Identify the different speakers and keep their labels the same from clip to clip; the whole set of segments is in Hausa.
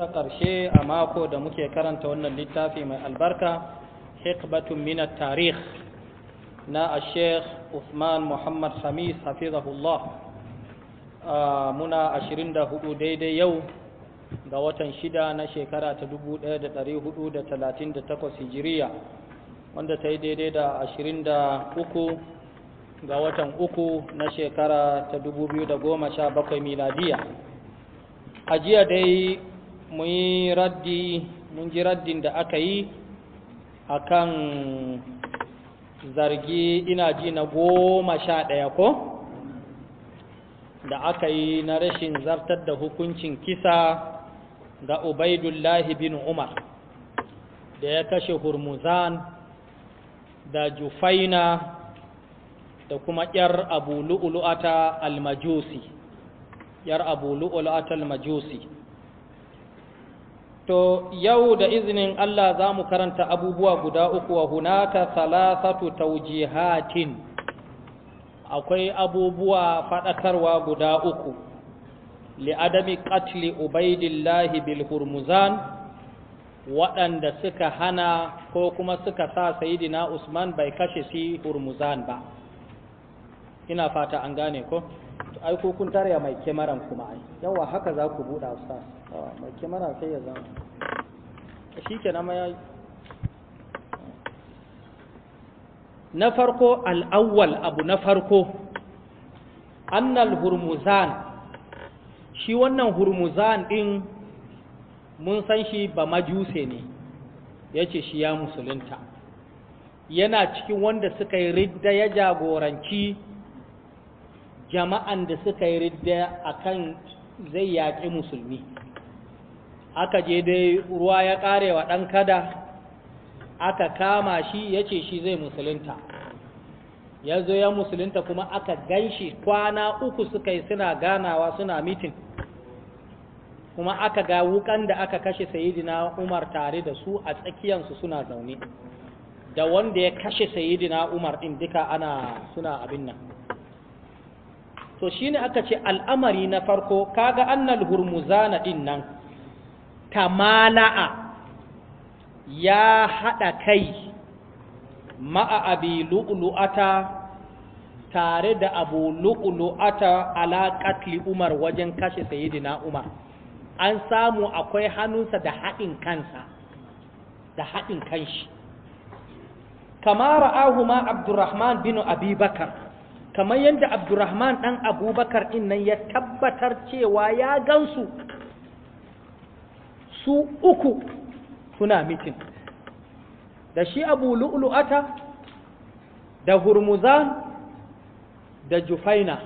Speaker 1: ta ƙarshe a mako da muke karanta wannan littafi mai albarka hikbatun minat tarih na a sheikh usman muhammad hamis hafizahullah muna 24 daidai yau ga watan shida na shekara ta 1438 hijiriya wanda ta yi daidai da 23 ga watan uku na shekara ta 2017 miladiya a jiya dai muyi yi raddi mun ji raddin da aka yi a kan zargi ina ji na goma sha ɗaya ko da aka yi na rashin zartar da hukuncin kisa ga ubaidullahi bin umar da ya kashe hurmuzan da jufaina da kuma ‘yar abu lu'ulu'ata al-majusi ‘yar abu lu'ulu'ata al-majusi’ To yau da izinin Allah za mu karanta abubuwa guda uku wa hunaka salasatu taujihatin akwai abubuwa faɗakarwa guda uku li'adami qatli ubaidillahi bil hurmuzan waɗanda suka hana ko kuma suka sa sayidina Usman bai kashe si hurmuzan ba ina fata an gane ko ai ko kun tarya mai kyamaran kuma ai yawa haka za ku buɗa sa mai kyamara sai ya zama shi ke na mayayi na farko al'awwal abu na farko annal hurmuzan shi wannan hurmuzan ɗin mun san shi ba majuse ne ya ce shi ya musulunta yana cikin wanda suka yi ridda ya jagoranci jama'an da suka yi ridda kan zai yaƙi musulmi aka je dai ruwa ya ƙare wa ɗan kada aka kama shi ya ce shi zai musulunta ya zo ya musulunta kuma aka gan shi kwana uku suka yi suna ganawa suna mitin kuma aka ga wukan da aka kashe sayidina umar tare da su a tsakiyansu suna zaune da wanda ya kashe sayidina umar ɗin duka ana suna abin nan to shine aka ce al'amari na farko kaga annal hurmuzana din nan tamala'a ya haɗa kai ma'a abi lu’ulu’ata tare da abu lu’ulu’ata alaƙatli umar wajen kashe na umar an samu akwai hannunsa da haɗin kansa da haɗin kanshi kama ra'ahu ma abdurrahman bin abubakar kamar yadda abdurrahman ɗan abubakar nan ya tabbatar cewa ya gansu su uku suna mitin da shi abu lu'lu'ata da hurmuzan da jufaina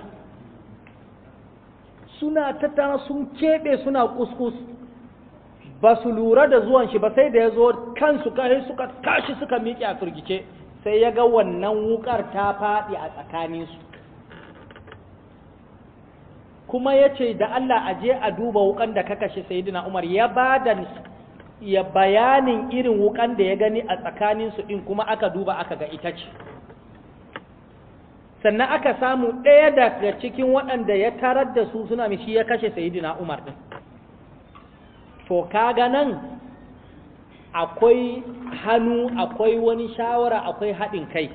Speaker 1: suna tattara sun keɓe suna kuskus ba su lura da zuwan shi ba sai da ya zo kansu kai suka tashi suka miƙe a firgice sai ya ga wannan wukar ta faɗi a tsakaninsu kuma ya ce da Allah a je a duba wukan da ka kashe Sayyidina Umar ya ba ya bayanin irin wukan da ya gani a tsakaninsu ɗin kuma aka duba aka ga ita ce sannan aka samu ɗaya daga cikin waɗanda ya tarar da su suna mishi ya kashe Sayyidina Umar ɗin to kaga nan akwai hannu akwai wani shawara akwai haɗin kai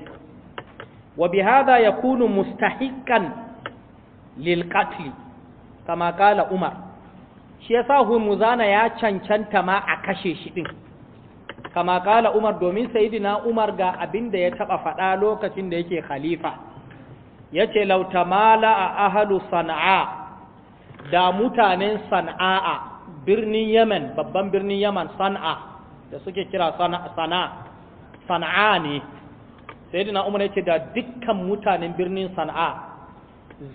Speaker 1: wa bi hada yakunu mustahiqqan lil qatl kama kala umar shi yasa hurmuzana ya cancanta ma a kashe shi din kama kala umar domin sayyidina umar ga abinda ya taba faɗa lokacin da yake khalifa yace tamala a ahlu sana'a da mutanen sana'a birnin yaman babban birnin yaman sana'a da suke kira sana'a sana'a ne sai dina umar yace da dukkan mutanen birnin sana'a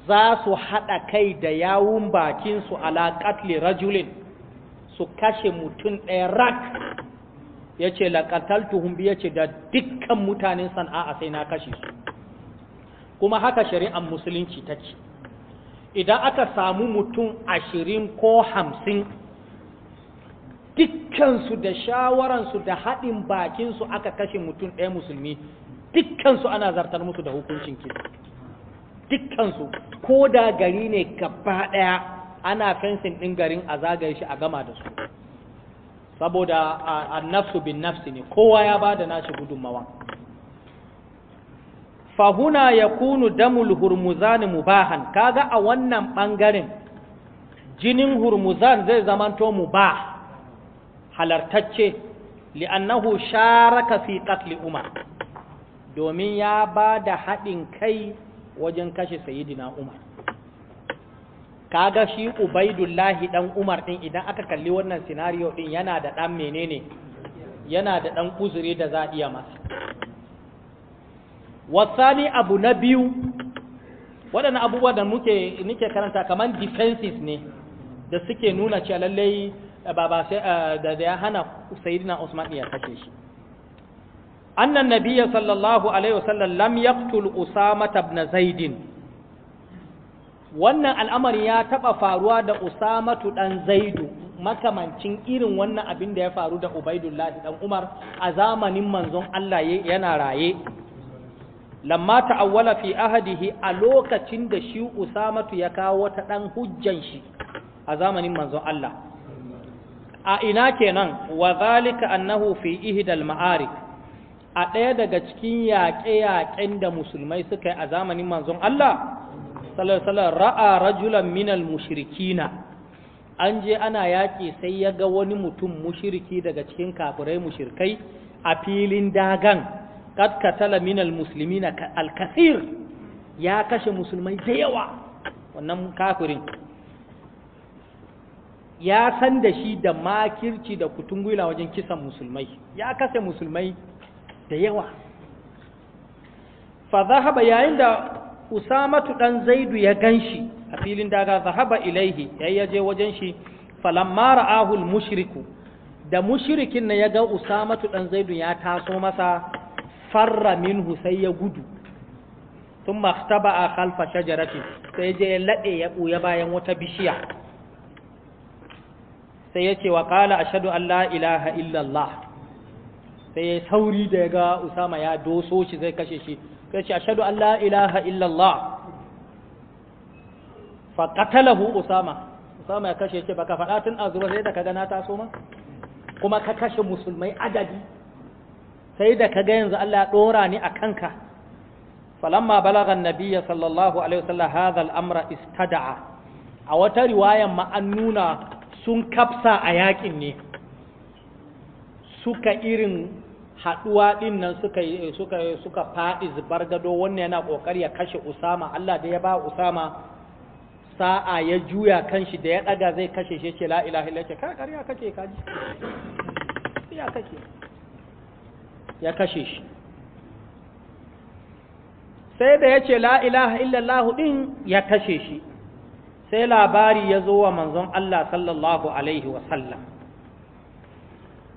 Speaker 1: za su haɗa kai da yawun bakinsu ala katli rajulin su kashe mutum ɗaya rak ya ce laƙataltuhun yace da dukkan mutanen sana'a sai na kashe su kuma haka shari'ar musulunci ta ce idan aka samu mutum ashirin ko hamsin dukkansu da shawaransu da haɗin bakinsu aka kashe mutum ɗaya musulmi dukkansu ana zartar musu da hukuncin kisa dukkansu ko da gari ne gaba ɗaya ana fensin ɗin garin a zagaye shi a gama da su saboda a nafsu bin nafsi ne kowa ya ba da nashi gudunmawa fahuna ya kunu damul hurmuzan ka ga a wannan ɓangaren jinin hurmuzan zai zamanto mu ba? halartacce li'annahu sharaka fi qatli umar domin ya ba da haɗin kai wajen kashe sayidina umar kaga shi ubaidullahi dan umar din idan aka kalli wannan scenario din yana da dan menene yana da dan uzuri da za a iya masa wasani abu na biyu waɗannan abubuwa da muke nike karanta kamar defenses ne da suke nuna cewa lallai ba eh, da ya hana sayyidina Usman ya kashe shi annan nabiyya sallallahu alaihi wasallam lam yaqtul Usama ibn zaidin. wannan al'amari ya taɓa faruwa da Usama dan Zaidu makamancin irin wannan abin da ya faru da Ubaidullahi dan Umar a zamanin manzon Allah yana raye lamma ta'awwala fi ahadihi a lokacin da shi Usamatu ya kawo ta ɗan hujjan shi a zamanin manzon Allah a ina kenan wa zalika annahu fi ihdal ma'arik a ɗaya daga cikin yaƙe-yaƙen da musulmai suka yi a zamanin manzon Allah sallallahu ra'a rajulan minal mushrikina an je ana yaƙi sai ya ga wani mutum mushriki daga cikin kafirai mushrikai a filin dagan qad katala minal muslimina al-kathir ya kashe musulmai da yawa wannan kafirin ya san da shi da makirci da kutungula wajen kisan musulmai ya kase musulmai da yawa fa zahaba yayin da usamatu dan zaidu ya ganshi a filin daga zahaba ilaihi yayi yaje wajen shi falamma ra'ahu mushriku da mushrikin na ya ga usamatu dan zaidu ya taso masa farra minhu sai ya gudu thumma ikhtaba khalfa shajaratin sai je ya lade ya buya bayan wata bishiya sai ya ce wa ƙala ashadu Allah ilaha illallah sai ya sauri da ya ga Usama ya doso shi zai kashe shi sai ce ashadu Allah ilaha illallah fa qatalahu Usama Usama ya kashe ce ka faɗa tun azuba sai da kaga na taso ma kuma ka kashe musulmai adadi sai da kaga yanzu Allah ya dora ni a kanka falamma balagha an-nabiyya sallallahu alaihi wasallam hadha al-amra istada'a a wata riwayan ma an nuna sun kapsa a yakin ne suka irin haɗuwa ɗin nan suka suka suka faɗi zubar gado wannan yana ƙoƙari ya kashe Usama Allah da ya ba Usama sa'a ya juya kanshi da ya ɗaga zai kashe shi ce la ilaha illa ce kar ya kace ya kace ya kashe shi sai da ya ce la ilaha illallah ɗin ya kashe shi sai labari ya zo wa manzon Allah sallallahu alaihi wasallam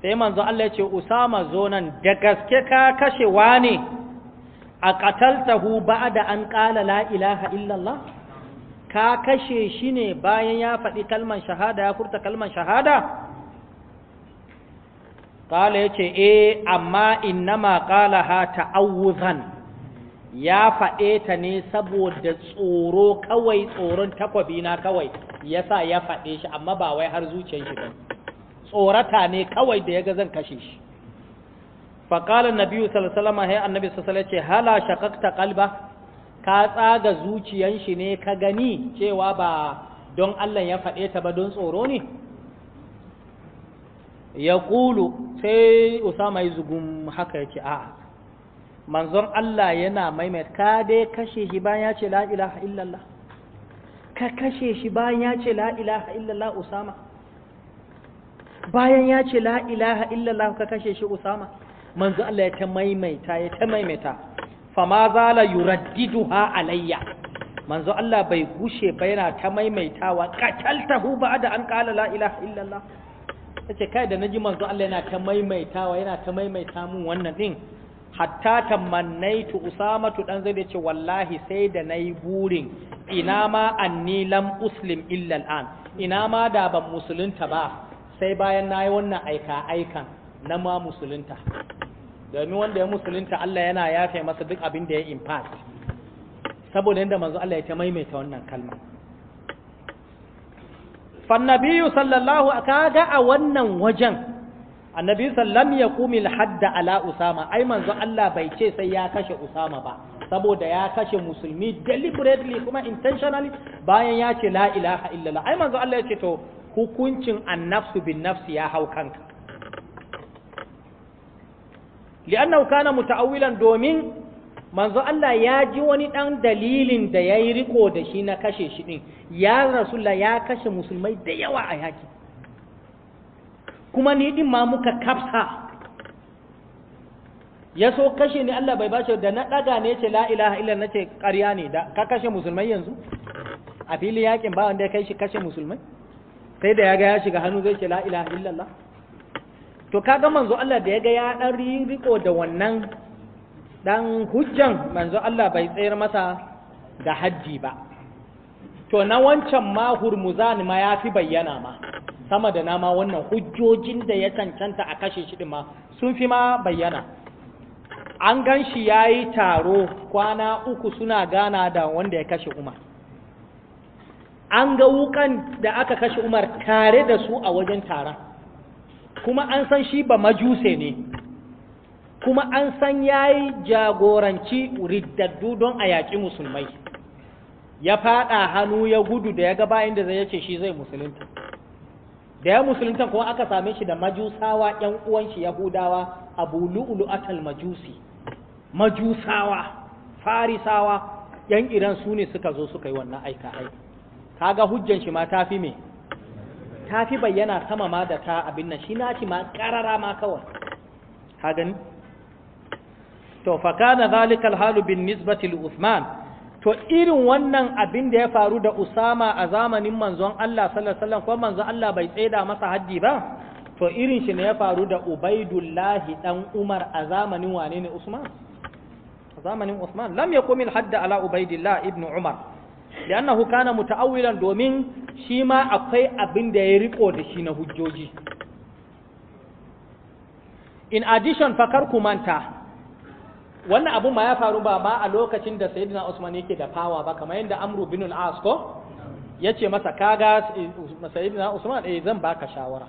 Speaker 1: sai manzon Allah ya ce usama zo nan da gaske ka kashe wane a ba'a da an ƙala la ilaha illallah ka kashe shi ne bayan ya faɗi kalman shahada ya furta kalman shahada qala yace eh amma innama ha ta'awuzan ya faɗe ta ne saboda tsoro kawai tsoron takwabi na kawai yasa ya faɗe shi amma ba wai har zuciyar shi ba tsorata ne kawai da ya ga zan kashe shi faƙalar nabiyu salasalama ya annabi sasala ce hala shakakta kalba ka tsaga zuciyan shi ne ka gani cewa ba don Allah ya faɗe ta ba don tsoro ne ya ƙulu sai usama yi zugun haka ya a'a manzon Allah yana maimaita ka dai kashe shi bayan ya ce la ilaha illallah ka kashe shi bayan ya ce la ilaha illallah Usama bayan ya ce la ilaha illallah ka kashe shi Usama manzon Allah ya ta maimaita ya ta maimaita Fa fama zala yuraddiduha alayya Manzon Allah bai gushe ba yana ta maimaitawa qataltahu ba'da an qala la ilaha illallah yace kai da naji manzon Allah yana ta maimaitawa yana ta maimaita mun wannan din hatta tamannaitu usamatu dan zai ce wallahi sai da nayi burin ina ma anni lam uslim illa al'an ina ma da ban musulunta ba sai bayan nayi wannan aika aikan na ma musulunta domin wanda ya musulunta Allah yana yafe masa duk abin da ya impact saboda inda manzo Allah ya ta maimaita wannan kalma fannabiyu sallallahu ga a wannan wajen annabi sallam ya kumil hadda ala usama ai manzo Allah bai ce sai ya kashe usama ba saboda ya kashe musulmi deliberately kuma intentionally bayan ya ce la ilaha illallah ai manzo Allah ya ce to hukuncin annafsu bin nafsi ya hau kanka li'annahu kana muta'awwilan domin manzo Allah ya ji wani dan dalilin da yayi riko da shi na kashe shi din ya rasulullah ya kashe musulmai da yawa a yaki kuma ni din ma muka kafsa ya so kashe ni Allah bai bashi da na daga ne ce la ilaha illa na ce ƙarya ne da ka kashe musulmai yanzu a fili yakin ba wanda ya kai shi kashe musulmai sai da ya ga ya shiga hannu zai ce la ilaha Allah to kaga manzo Allah da ya ga ya dan riko da wannan dan hujjan manzo Allah bai tsayar masa da haddi ba to na wancan ma hurmuzan ma ya fi bayyana ma sama da nama wannan hujjojin da ya cancanta a kashe shi din ma sun fi ma bayyana an gan shi ya yi taro kwana uku suna gana da wanda ya kashe umar an ga wukan da aka kashe umar tare da su a wajen taron kuma an san shi ba majuse ne kuma an san ya yi jagoranci riddaddu don a yaƙi musulmai ya faɗa hannu ya gudu da ya ga bayan da zai ce shi zai musulunta da ya musulunta kuma aka same shi da majusawa ƴan uwan shi yahudawa abu lu'lu'atal majusi majusawa farisawa ƴan iran su ne suka zo suka yi wannan aika ai kaga hujjan shi ma tafi me tafi bayyana sama ma da ta abin nan shi na ci ma karara ma kawai ka gani to fa kana zalikal halu bin nisbati li Uthman to irin wannan abin da ya faru da Usama a zamanin manzon Allah sallallahu alaihi wasallam manzon Allah bai tsaida masa haddi ba to irin shi ne ya faru da Ubaidullahi dan Umar a zamanin wane ne Usman a zamanin Usman lam al hadda ala Ubaidillah ibn Umar li'annahu kana muta'awwilan domin shi ma akwai abin da ya riko da shi na hujjoji in addition fakar manta. wannan abun ma ya faru ba ba a lokacin da sayyidina Usman yake da fawa ba kamar yadda Amru bin al-As ko yace masa kaga eh, sayyidina Usman eh zan baka shawara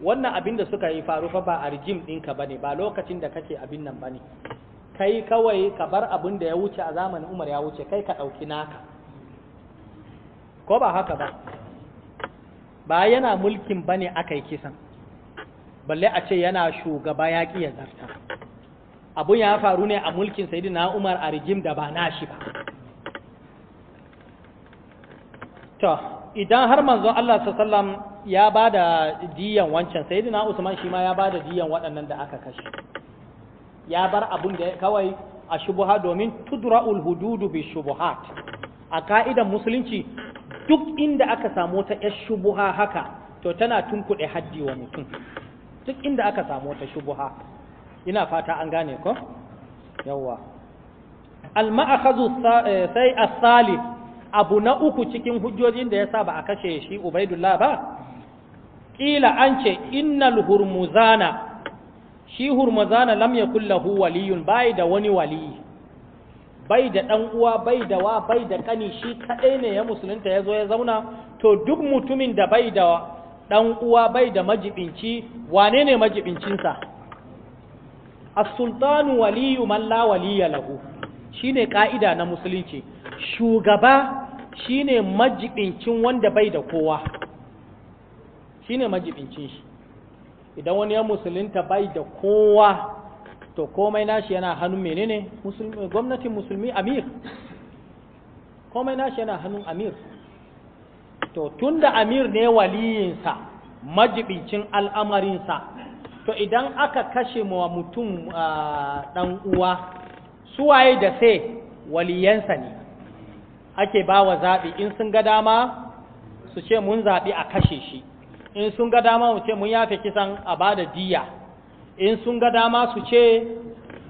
Speaker 1: wannan abin da suka yi faru fa ba a rijim dinka bane ba lokacin da kake abin nan bane kai kawai ka bar abin da ya wuce a zamanin Umar ya wuce kai ka dauki naka ko ba haka ba ba yana mulkin bane akai kisan balle a ce yana shugaba ya ƙi ya abun ya faru ne a mulkin sayidina umar a rigim da ba nashi ba to idan har manzo Allah sallam ya bada diyan wancan sayidina usman shi ma ya bada diyan waɗannan da aka kashe ya bar abun da kawai a shubuha domin tudra'ul hududu bi shubuhat a ka'idan musulunci duk inda aka samu ta yar shubuha haka to tana tunkuɗe haddi wa mutum duk inda aka samu ta shubuha ina fata an gane ko yawa al-ma'akhadhu eh, sai as-salih abu na uku cikin hujjojin da yasa ba a kashe shi ubaidullah ba kila an ce innal hurmuzana shi hurmuzana lam yakul lahu waliyun bai da wani wali. bai da ɗan uwa bai da wa bai da ƙani shi kaɗai ne ya musulunta yazo ya zauna to duk mutumin da bai da ɗan uwa bai da majibinci wane ne majibincinsa as-sultanu waliyu man la waliya lahu shine ka'ida na musulunci shugaba shine majibincin wanda bai da kowa shine majibincin shi idan wani ya musulunta bai da kowa to komai nashi yana hannun menene musulmi gwamnatin musulmi amir komai nashi yana hannun amir to tunda amir ne waliyinsa majibincin al'amarinsa to idan aka kashe wa mutum ɗan uwa suwaye da sai waliyansa ne ake ba wa zaɓi in sun ga dama su ce mun zaɓi a kashe shi in sun ga dama mu ce mun yafe kisan a ba da diya in sun ga dama su ce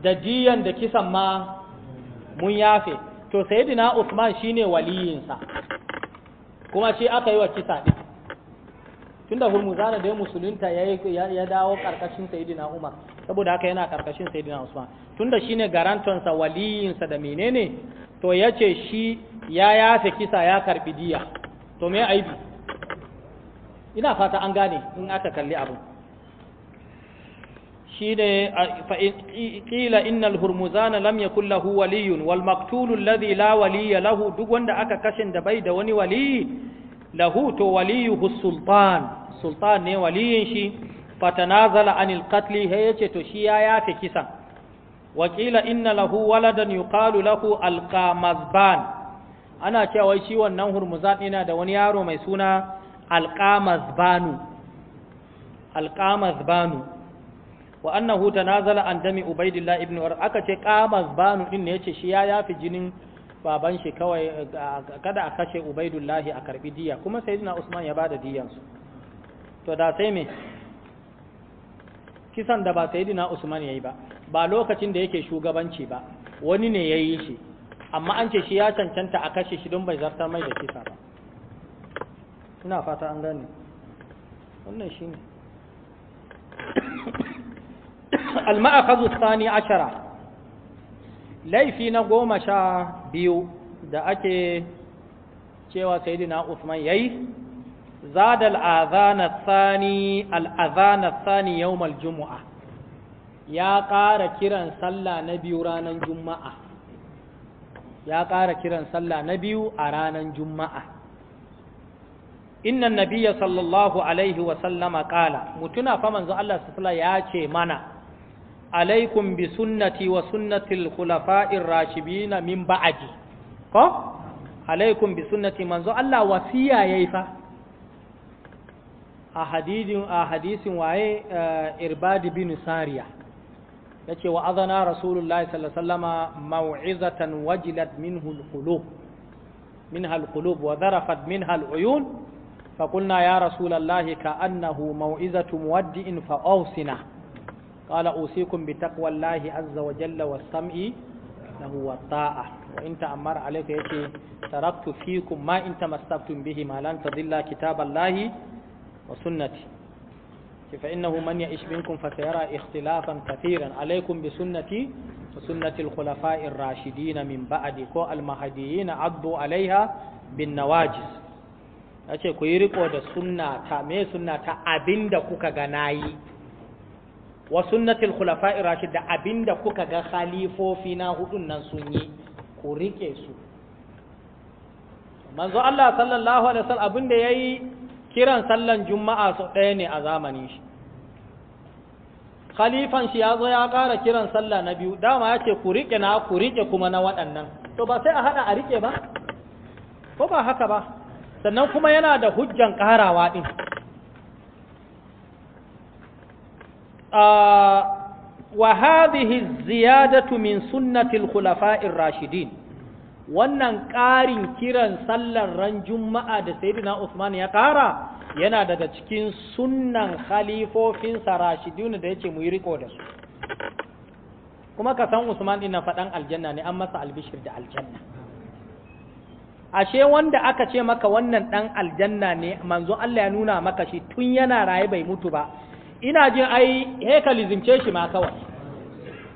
Speaker 1: da diyan da kisan ma mun yafe to sayidina usman shine waliyinsa kuma shi aka yi wa kisa ɗin tunda Hurmuzana dai musulunta ya dawo karkashin Sayyidina Umar saboda haka yana karkashin Sayyidina Usman tunda shine waliyin sa da menene to yace shi ya yafe kisa ya karbi diya to me aibi ina fata an gane in aka kalli abu shine fa qila innal hurmuzana lam yakul lahu waliyun wal maqtul alladhi la waliya lahu duk wanda aka kashin da bai da wani wali lahu to waliyuhu sultan sultan ne waliyin shi fatanazala anil qatli he yace to shi ya yafe kisan wakila inna lahu waladan yuqalu lahu alqamazban ana cewa shi wannan hurmuzan yana da wani yaro mai suna alqamazbanu alqamazbanu wa annahu tanazala an dami ubaidillah ibn ur aka ce qamazbanu din ne yace shi ya yafi jinin baban shi kawai kada a kashe ubaidullahi a karbi diya kuma sayyidina usman ya bada diyan su to da sai me kisan da ba saidina usman yayi ba ba lokacin da yake shugabanci ba wani ne yayi shi amma an ce shi ya cancanta a kashe shi don bai zartar mai da kisa ba ina fata an gane wannan ne al-ma'akhadhu thani ashara laifi na goma sha biyu da ake cewa sayyidina Usman yayi زاد الأذان الثاني الأذان الثاني يوم الجمعة يا قار كيران صلى نبي رانا جمعة يا قار كيران صلى نبي أرانا جمعة إن النبي صلى الله عليه وسلم قال متنا فمن زال الله سفلا ياتي منا عليكم بسنتي وسنة الخلفاء الراشدين من بعدي ko alaikum bi sunnati manzo Allah wasiya yayi fa a hadisin a hadisin waye eh, irbadi bin sariya yace wa azana rasulullahi sallallahu alaihi wasallama mau'izatan wajilat minhu alqulub minha alqulub wa zarafat minha aluyun فقلنا يا رسول الله كأنه موعظة مودع فأوصنا قال أوصيكم بتقوى الله عز وجل والسمع له والطاعة وإن تأمر عليك يتي تركت فيكم ما إن تمسكتم به ما لن تضل كتاب الله wa sunnati ki fa innahu man ya'ish minkum fa sayara ikhtilafan kathiran alaykum bi sunnati wa sunnati al khulafa' min ba'di ko al mahdiyyin addu alayha bin nawajiz ace ku yirko da sunna ta me abinda kuka ga nayi wa sunnati al khulafa' ar rashid da abinda kuka ga khalifofi na hudun nan sun yi ku riƙe su manzo allah sallallahu alaihi wasallam abinda yayi kiran sallan juma'a su ɗaya ne a zamanin shi khalifan shi ya zo ya ƙara kiran sallah na biyu dama ya ce ku riƙe na ku riƙe kuma na waɗannan to ba sai a haɗa a riƙe ba ko ba haka ba sannan kuma yana da hujjan ƙarawa ɗin wa hadhihi ziyadatu min sunnatil khulafa'ir rashidin wannan ƙarin kiran sallar ran juma'a da sayyidina Usman ya ƙara yana daga cikin sunnan khalifofin sarashidun da yace mu yi riko da su kuma ka san Usman din na faɗan aljanna ne an masa albishir da aljanna ashe wanda aka ce maka wannan ɗan aljanna ne manzo Allah ya nuna maka shi tun yana raye bai mutu ba ina jin ai hekalizimce shi ma kawai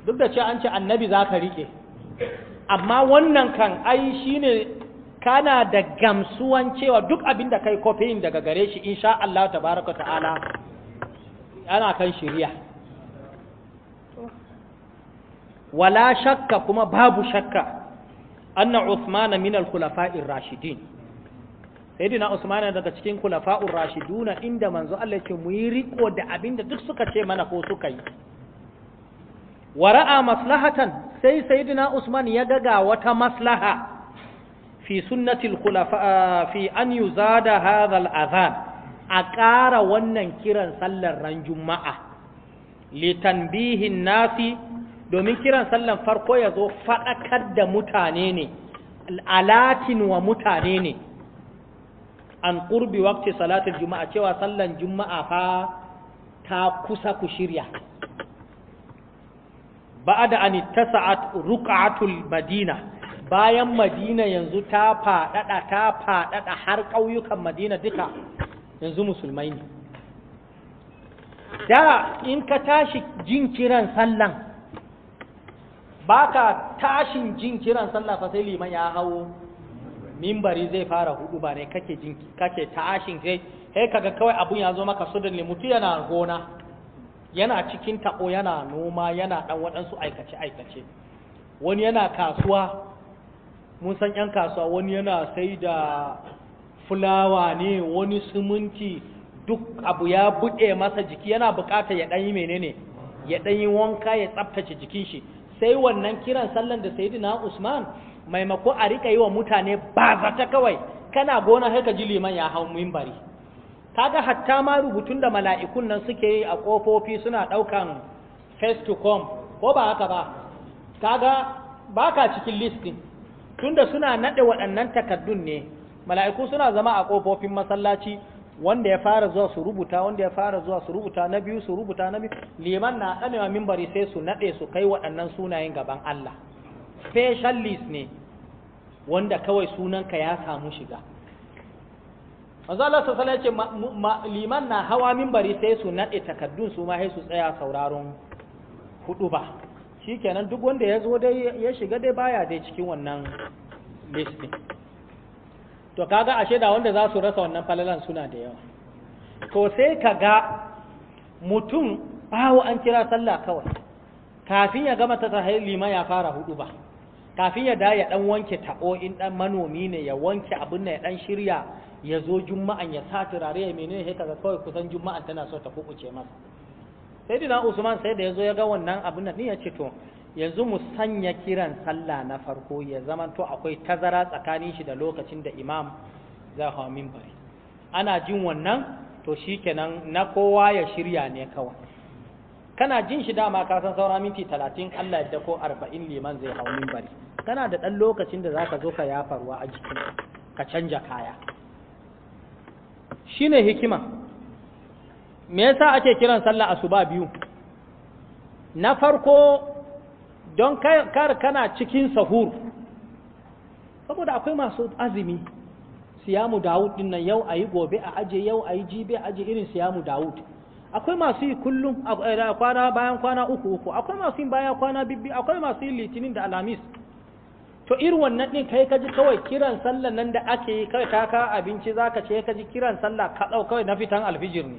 Speaker 1: duk da ce an ce annabi za ka riƙe amma wannan kan ai shine kana da gamsuwan cewa duk abin da kai kofin daga gare shi insha Allah tabaraka ta'ala ana kan shirya wala shakka kuma babu shakka anna Uthman min al-khulafa'ir rashidin sayyidina Uthman daga cikin khulafa'ur rashiduna inda manzo Allah yake mu yi riko da abin da duk suka ce mana ko suka yi
Speaker 2: wara'a maslahatan
Speaker 1: sai sayyidina Usman ya gaga wata maslaha fi sunnatil khulafa fi an yuzada hadha al-adhan a ƙara wannan kiran sallar ran juma'a litanbihin nasi domin kiran sallan farko ya zo faɗakar da mutane ne alatin wa mutane ne an ƙurbi wakti salatul juma'a cewa sallan juma'a fa ta kusa ku shirya ba'ada ta tasa'at ruk'atul madina bayan madina yanzu ta faɗaɗa ta faɗaɗa har ƙauyukan madina duka yanzu musulmai ne da in ka tashi jin kiran sallan baka tashin jin kiran sallah fa sai liman ya hawo mimbari zai fara hudu ba ne kake jin kake tashin sai kaga kawai abun ya zo maka sudan ne mutu yana gona yana cikin taɓo yana noma yana ɗan waɗansu aikace-aikace wani yana kasuwa mun san 'yan kasuwa wani yana sai da fulawa ne wani siminti duk abu ya buɗe masa jiki yana buƙatar ya ɗanyi menene ya ɗanyi wanka ya tsaftace jikin shi sai wannan kiran sallan da na usman maimako a riƙa yi wa mutane ba zata kawai kana gona sai ji liman ya hau mimbari kaga hatta ma rubutun da mala'ikun nan suke yi a kofofi suna ɗaukan face to come ko ba haka ba kaga baka cikin listin tunda suna naɗe waɗannan takardun ne mala'iku suna zama a kofofin masallaci wanda ya fara zuwa su rubuta wanda ya fara zuwa su rubuta na biyu su rubuta na biyu liman na ɗanewa mimbari sai su naɗe su kai waɗannan sunayen gaban Allah special list ne wanda kawai sunanka ya samu shiga manzo Allah sallallahu alaihi wasallam ce liman na hawa minbari sai su nade takaddun su ma sai su tsaya sauraron hudu ba shikenan duk wanda ya zo dai ya shiga dai baya dai cikin wannan list to kaga ashe da wanda za su rasa wannan falalan suna da yawa to sai kaga mutum bawo an kira sallah kawai kafin ya gama ta tahayyi liman ya fara hudu ba kafin ya da ya dan wanke tabo in dan manomi ne ya wanke abin ya dan shirya ya zo juma'an ya sa turare ya menene ya kaza kawai kusan juma'an tana so ta kukuce masa sai dina usman sai da ya zo ya ga wannan abin nan ya ce to yanzu mu sanya kiran sallah na farko ya zama to akwai tazara tsakanin shi da lokacin da imam za hawa bari ana jin wannan to shikenan na kowa ya shirya ne kawai kana jin shi dama ka san saura minti talatin Allah ya ko arba'in liman zai hau bari kana da ɗan lokacin da zaka zo ka yafarwa a jikin ka canja kaya ne hikima me yasa ake kiran sallah asuba biyu na farko don kar kana cikin sahur saboda akwai masu azumi siyamu dawud din nan yau ayi gobe a aje yau ayi jibe aje irin siyamu dawud akwai masu yi kullum eh, kwana bayan kwana uku uku akwai masu yi bayan kwana bibbi akwai masu yi litinin da alamis to irin wannan din kai ka ji kawai kiran sallah nan da ake yi kai ka abinci zaka ce ka ji kiran sallah ka dau kawai na fitan alfijir ne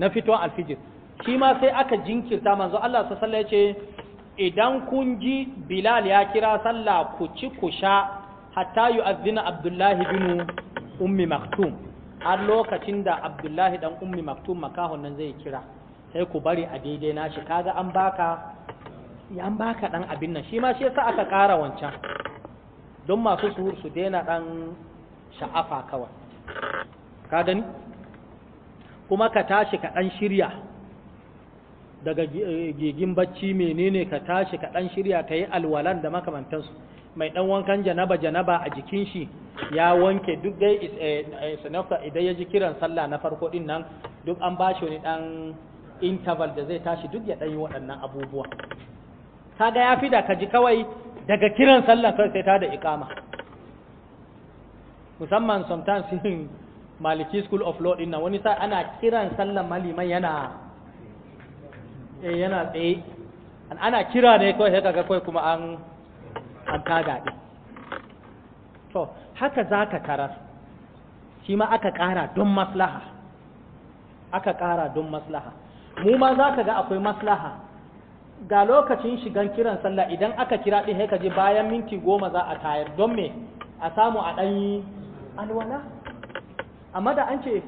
Speaker 1: na fitan alfijir shi ma sai aka jinkirta manzo Allah sallallahu alaihi wasallam ce idan kun ji Bilal ya kira sallah ku ci ku sha hatta yu'adhina Abdullahi bin Ummi Maktum har lokacin da Abdullahi dan Ummi Maktum makahon nan zai kira sai ku bari a daidai nashi kaga an baka an ka dan abin nan shi ma shi yasa aka ƙara wancan don masu suhur su daina ɗan sha'afa kawai ka gani kuma ka tashi ka dan shirya daga eh, gigin bacci menene ka tashi ka dan shirya ka yi alwalan da makamantansu mai ɗan wankan janaba janaba a jikin shi ya wanke duk dai eh, eh, idan ya ji kiran sallah na farko din nan duk an ba shi wani ɗan interval da zai tashi duk ya dan yi waɗannan abubuwa kaga ya fi da ka ji kawai daga kiran sallah kawai sai ta da ikama musamman sometimes maliki school of law din wani sa ana kiran sallah maliman yana eh yana tsaye ana kira ne kawai sai kaga kawai kuma an an taga din to haka zaka tarar shi ma aka kara don maslaha aka kara don maslaha mu ma zaka ga akwai maslaha ga lokacin shigan kiran sallah idan aka kira ɗin haika je bayan minti goma za a tayar don me a samu a yi alwala amma da an ce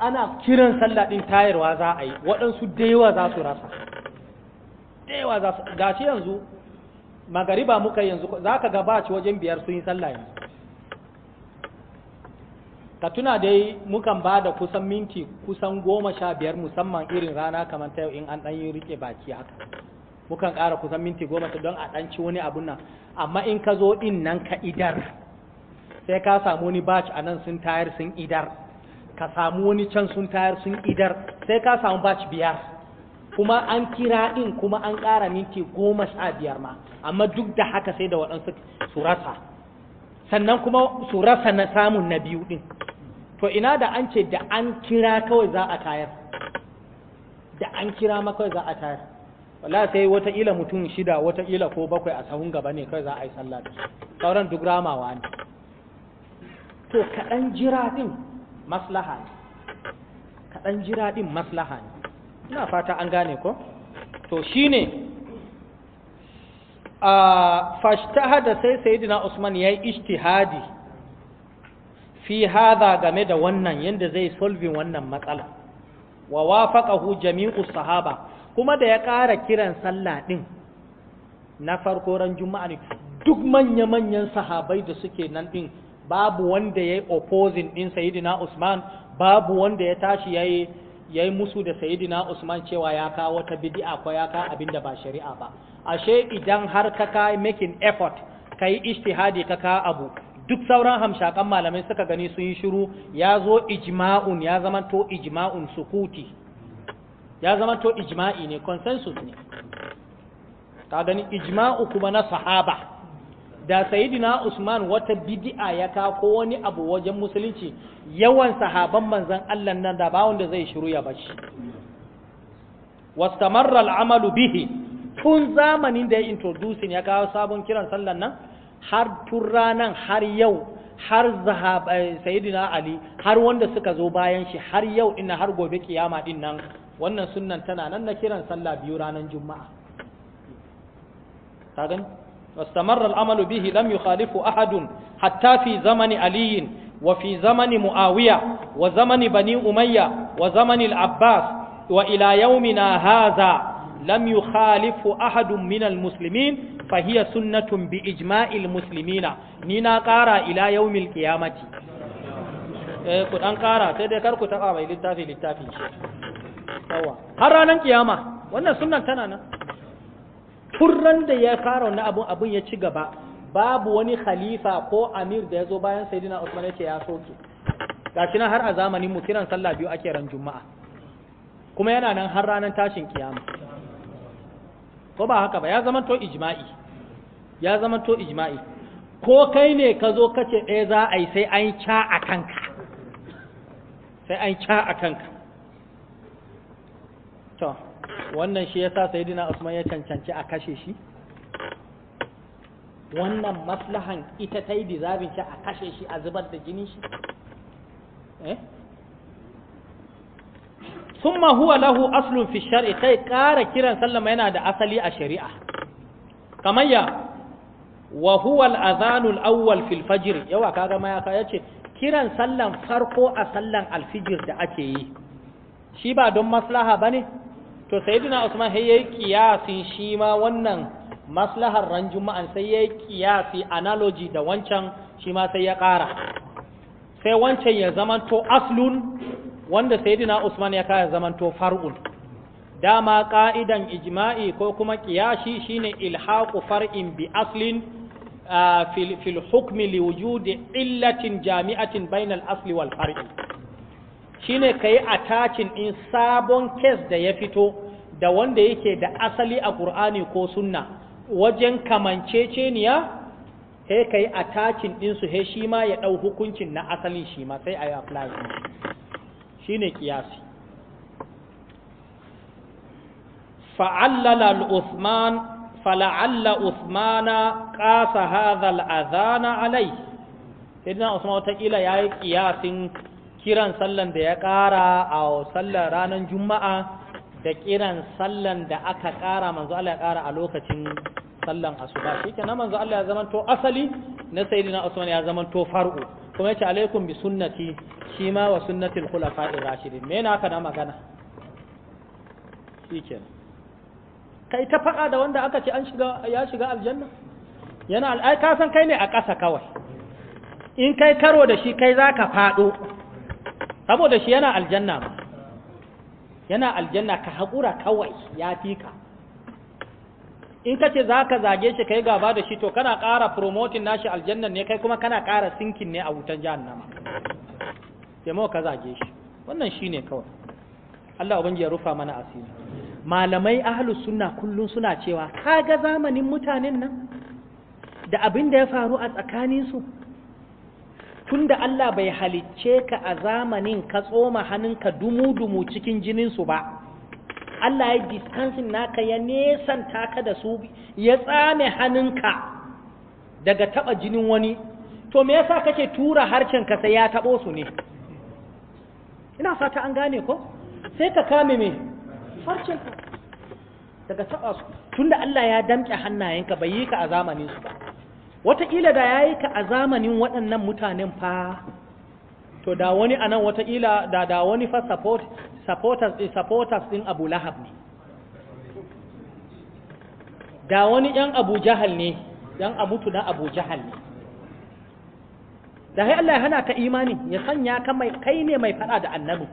Speaker 1: ana kiran sallah ɗin tayarwa za a yi waɗansu
Speaker 2: daiwa za su rasa
Speaker 1: daiwa za su gashi yanzu magariba muka yanzu za ka ci wajen biyar sun yi sallah yanzu ka tuna dai mukan ba da kusan minti kusan goma sha biyar musamman irin rana kamar ta yau in an ɗan yi rike baki haka mukan ƙara kusan minti goma su don a ɗanci wani abun nan amma in ka zo ɗin nan ka idar sai ka samu wani batch a nan sun tayar sun idar ka samu wani can sun tayar sun idar sai ka samu batch biyar kuma an kira ɗin kuma an ƙara minti goma sha biyar ma amma duk da haka sai da waɗansu surasa sannan kuma surasa na samun na biyu ɗin to ina da an ce da an kira kawai za a tayar da an kira ma kawai za a tayar wala sai wata ila mutum shida wata ila ko bakwai a sahun gaba ne kai za a yi sallah da sauran duk ramawa ne to kaɗan jira ɗin maslaha ne kaɗan jira din maslaha ne ina fata an gane ko to shine a fashtahada sai sayyidina Usman yayi ijtihadi fi hada game da wannan yanda zai solving wannan matsala wa wafaqahu jami'u sahaba kuma da ya ƙara kiran sallah ɗin na farko ran juma'a ne duk manya-manyan sahabai da suke nan ɗin babu wanda ya yi opposing ɗin sayidina usman babu wanda ya tashi ya yi musu da sayidina Usman cewa ya kawo wata bidi'a ko ya kawo abin da ba shari'a ba ashe idan har ka kai making effort ka yi ijtihadi ka kawo abu duk sauran hamshakan malamai suka gani sun yi shiru ya zo ijma'un ya zama to ijma'un sukuti ya zama to ijma'i ne consensus ne ka gani ijma'u kuma na sahaba da sayidina usman wata bid'a ya ka ko wani abu wajen musulunci yawan sahaban manzon Allah nan da ba wanda zai shiru ya bashi wastamarra al'amal bihi tun zamanin da ya introduce ya kawo sabon kiran sallan nan har tun ranan har yau har eh, sayidina ali har wanda suka zo bayan shi har yau ina har gobe kiyama din nan wannan sunnan tana nan na kiran sallah biyu ranar juma'a ka gani واستمر العمل به لم يخالف أحد حتى في زمن علي وفي زمن معاوية وزمن بني أمية وزمن العباس وإلى يومنا هذا لم يخالف أحد من المسلمين فهي سنة بإجماع المسلمين نينا قارا إلى يوم القيامة إيه قد أنقارا سيدي كاركو تقام للتافي للتافي har ranar kiyama wannan sunan tana nan turran da ya fara wani abun abun ya ci gaba babu wani khalifa ko amir da ya zo bayan sayyidina Usman ya ce ya soke gashi nan har a zamanin mu kiran sallah biyu ake ran juma'a kuma yana nan har ranar tashin kiyama ko ba haka ba ya zama to ijma'i ya zama to ijma'i ko kai ne ka zo kace ɗaya eh, za a yi sai an ca a kanka sai an ca a kanka wannan shi yasa sayyidina Usman ya cancanci a kashe shi wannan maslahan ita ta yi da zabin shi a kashe shi a zubar da jinin shi eh summa huwa lahu aslun fi shar'i kai ƙara kiran sallama yana da asali a shari'a kamar ya wa huwa al-adhanul awwal fil fajr yawa kaga ma ya yace kiran sallan farko a sallan alfijir da ake yi shi ba don maslaha bane to sayyidina Usman sai yayi kiyasin shi ma wannan maslahar ran juma'an sai yayi kiyasi analogy da wancan shi ma sai ya ƙara sai wancan ya zamanto aslun wanda sayyidina Usman ya kaya zamanto far'un dama ka'idan ijma'i ko kuma kiyashi shine ilhaqu far'in bi aslin ah, fil hukmi li wujudi illatin jami'atin bainal asli wal far'i shine ka yi attachin ɗin sabon kes da ya fito da wanda yake da asali a ƙur'ani ko sunna wajen kamanceceniya he ka yi attachin su he shi ma ya ɗau hukuncin na asalin shi ma sai a yi apply shi ne ƙiyasi fa'alla usmana ƙasa hazal azana alai sai usman watakila ya yi ƙiyasin kiran sallan da ya ƙara a sallar ranar juma'a da kiran sallan da aka ƙara manzo Allah ya ƙara a lokacin sallan asuba shi nan manzo Allah ya zamanto asali na sayyidina Usman ya zamanto far'u kuma yace alaikum bi sunnati shi ma wa sunnatil khulafa'ir rashidin me na aka na magana shi kenan kai ta faɗa da wanda aka ce an shiga ya shiga aljanna yana al'ai ka san kai ne a ƙasa kawai in kai karo da shi kai zaka faɗo saboda shi yana aljanna yana aljanna ka haƙura kawai ya fi ka in ka ce za ka zage shi ka gaba da shi to kana ƙara promoting nashi aljannan ne kai kuma kana ƙara sinkin ne a wutan jahannama jama'a ka zage shi wannan shi ne kawai Allah ubangi ya rufa mana asiri malamai ahlus suna kullum suna cewa kaga zamanin mutanen nan da abin da ya faru a tsakaninsu tunda Allah bai halicce ka a zamanin ka tsoma hannunka dumu-dumu cikin jininsu ba Allah ya distansin naka ya nesanta ka da su ya tsame hannunka daga taba jinin wani to me yasa kake tura harcen ka sai ya tabo su ne ina fata an gane ko sai ka kame me harcen ka daga taba su tunda Allah ya damke hannayenka bai yi ka a zamaninsu ba wataƙila da ya yi ka a zamanin waɗannan mutanen fa to da wani a nan wataƙila da da wani fa supporters din eh, abu lahab ne da wani ‘yan abu jahal ne ‘yan abu na abu jahal ne da Allah ya hana ka imani ya sanya ka mai kai ne mai faɗa da annabi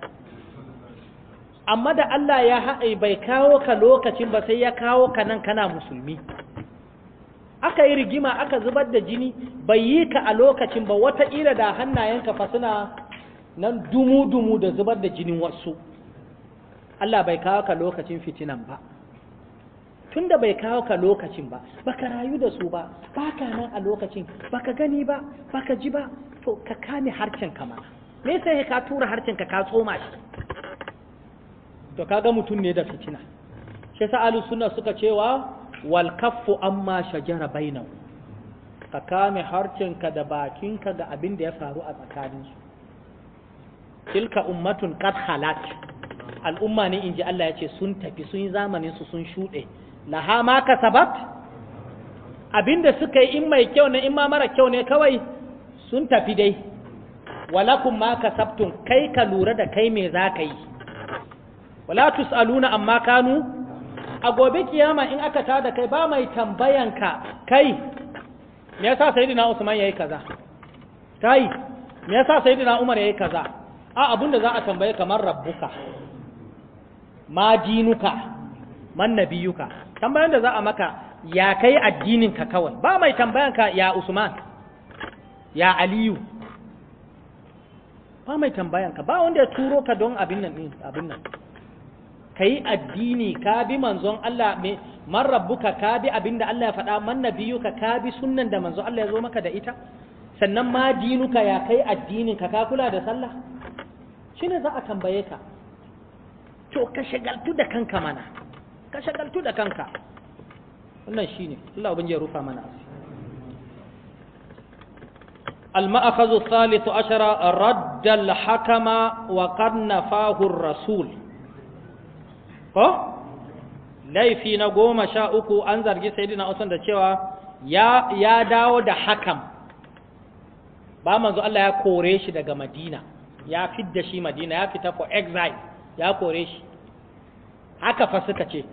Speaker 1: amma da Allah ya haɗe bai kawo ka lokacin ba sai ya kawo ka nan kana musulmi aka yi rigima aka zubar da jini bai yi ka a lokacin ba Wata wataƙila da hannayenka fa suna nan dumu-dumu da zubar da jinin wasu Allah bai kawo ka lokacin fitinan ba tunda bai kawo ka lokacin ba baka rayu da su ba baka nan a lokacin baka gani ba ka ji ba to ka kame harcen ka mana me sai ka tura harcen ka ka tsoma shi to kaga mutum ne da fitina shi sa ahlus suka cewa wal kaffu amma shajara bainahu ka kame harcinka da bakinka ga abin da ya faru a tsakaninsu tilka ummatun qad khalat al'umma ne inji Allah ya ce sun tafi sun yi zamanin su sun shuɗe laha ma kasabat abinda suka yi in mai kyau ne in ma mara kyau ne kawai sun tafi dai walakum ma kasabtum kai ka lura da kai me za ka yi wala tusaluna amma kanu a gobe kiyama in aka ta da kai ba mai tambayanka kai me yasa sayyidina Usman yayi kaza kai me yasa sayyidina Umar yayi kaza a abunda za a tambaye kamar rabbuka ma dinuka man nabiyuka tambayan da za a maka ya kai addinin ka kawai ba mai tambayanka ya Usman ya Aliyu ba mai tambayanka ba wanda ya turo ka don abin nan abin nan ka yi addini ka bi manzon Allah man rabbuka ka bi abinda Allah ya faɗa man nabiyuka ka bi sunnan da manzon Allah ya zo maka da ita sannan ma dinuka ya kai addinin ka ka kula da sallah shine za a tambaye ka to ka shagaltu da kanka mana ka shagaltu da kanka wannan shine Allah ubangiji ya rufa mana asiri المأخذ الثالث عشر رد الحكم وقد نفاه الرسول ko laifi na goma sha uku an zargi saidina usan da cewa ya dawo da hakan ba manzo Allah ya kore shi daga Madina ya fidda shi Madina ya fita for exile ya kore shi haka fa suka ce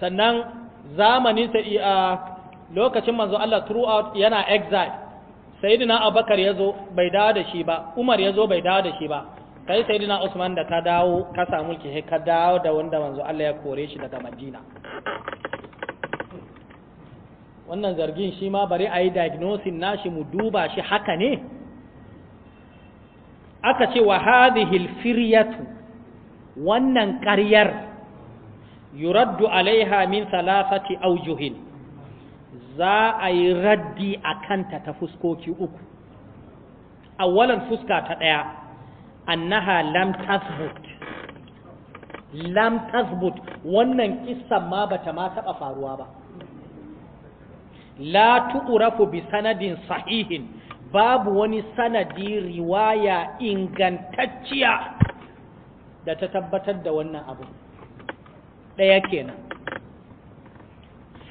Speaker 1: sannan zamanin sa a lokacin manzo Allah throughout yana exile sayyidina Abubakar yazo bai dawo da shi ba Umar yazo bai dawo da shi ba kai sayyidina Usman da ka dawo ka samu ki ka dawo da wanda manzo Allah ya kore shi daga Madina wannan zargin shi ma bari ayi diagnosis nashi mu duba shi haka ne aka ce wa hadhihi alfiryatu wannan ƙaryar yuraddu alaiha min thalathati aujuhin za a yi raddi a kanta ta fuskoki uku awwalan fuska ta ɗaya annaha lam tasbut lam tasbut wannan kissan ma bata ma taba faruwa ba la tuqrafu bi sanadin sahihin babu wani sanadi riwaya ingantacciya da ta tabbatar da wannan abu ɗaya kenan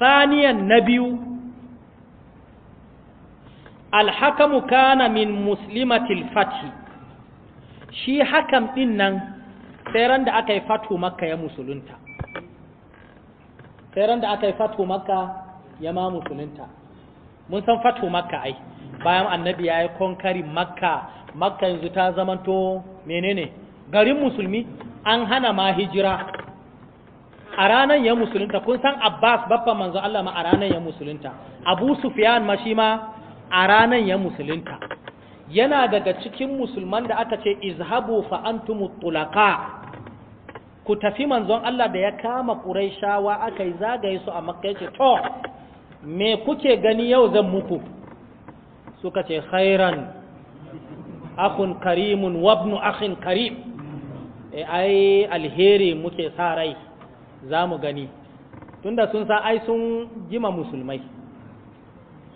Speaker 1: saniyan na biyu alhakamu kana min muslimatil fathi shi hakan ɗin nan sai ran da aka yi fatu makka ya musulunta sai ran da aka yi fatu makka ya ma musulunta mun san fatu makka ai bayan annabi ya yi konkari makka makka yanzu ta zamanto menene garin musulmi an hana ma hijira a ranar ya musulunta kun san abbas babban manzo Allah ma a ranar ya musulunta abu sufyan ma shi ma a ranar ya musulunta yana daga cikin musulman da aka ce izhabu fa antum tulaqa ku tafi manzon Allah da ya kama quraishawa aka yi zagaye su a makka yace to me kuke gani yau zan muku suka ce khairan akhun karimun wabnu akhin karim eh, ai alheri muke sa rai za gani tunda sun sa ai sun jima musulmai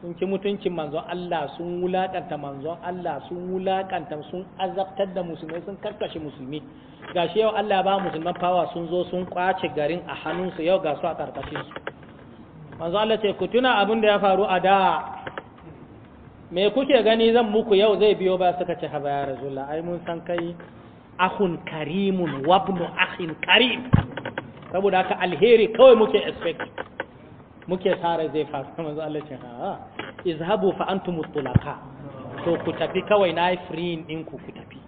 Speaker 1: sun ci mutuncin manzon Allah sun wulakanta manzon Allah sun wulakanta sun azabtar da musulmai sun karkashe musulmi gashi yau Allah ba musulman fawa sun zo sun kwace garin a hannunsu yau ga su a karkashin su manzon Allah ce ku tuna abin da ya faru a da me kuke gani zan muku yau zai biyo ba suka ce haba ya rasulullah ai mun san kai ahun karimun wabnu akhin karim saboda haka alheri kawai muke expect muke sare zai faru manzo Allah ce ha izhabu fa antum tulaka to ku tafi kawai na yi free din ku ku tafi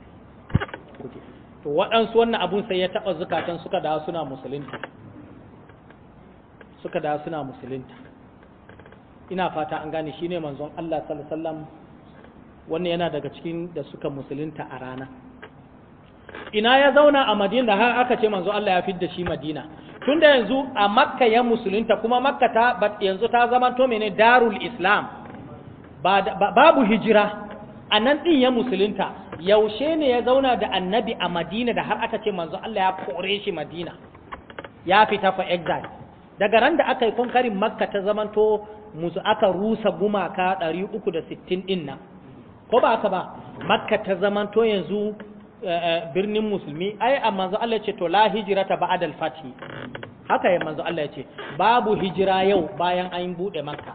Speaker 1: to waɗansu wannan abun sai ya taɓa zukatan suka da suna musulunta suka da suna musulunta ina fata an gane shine manzon Allah sallallahu alaihi wasallam wannan yana daga cikin da suka musulunta a rana ina ya zauna a Madina har aka ce manzo Allah ya fidda shi Madina tunda yanzu a makka ya musulunta kuma makka ta yanzu ta zama to mene darul islam babu hijira a nan ɗin ya musulunta yaushe ne ya zauna da annabi a madina da har aka ce manzo Allah ya kore shi madina ya fita fa exile daga ran da aka yi konkarin makka ta zamanto musu aka rusa gumaka 360 ɗin nan ko ba aka ba makka ta zamanto yanzu birnin musulmi ai a manzo Allah ce to la hijrata ba'da al-fath haka ya manzo Allah ce babu hijira yau bayan an bude makka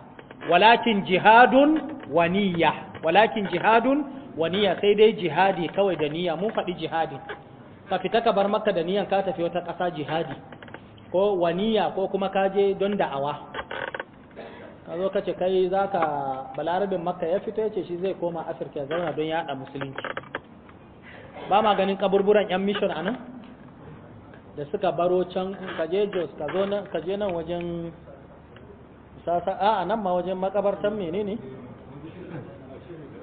Speaker 1: walakin jihadun waniya walakin jihadun waniya sai dai jihadi kawai da niyya mun faɗi jihadi ka fita ka bar makka da niyyan ka tafi wata ƙasa jihadi ko waniya ko kuma ka je don da'awa ka zo kace kai zaka balarabin makka ya fito ya ce shi zai koma afirka ya zauna don yaɗa musulunci ba ma ganin kaburburan yan mission a nan da suka baro can kaje jos ka zo nan je nan wajen sasa a nan ma wajen makabartan menene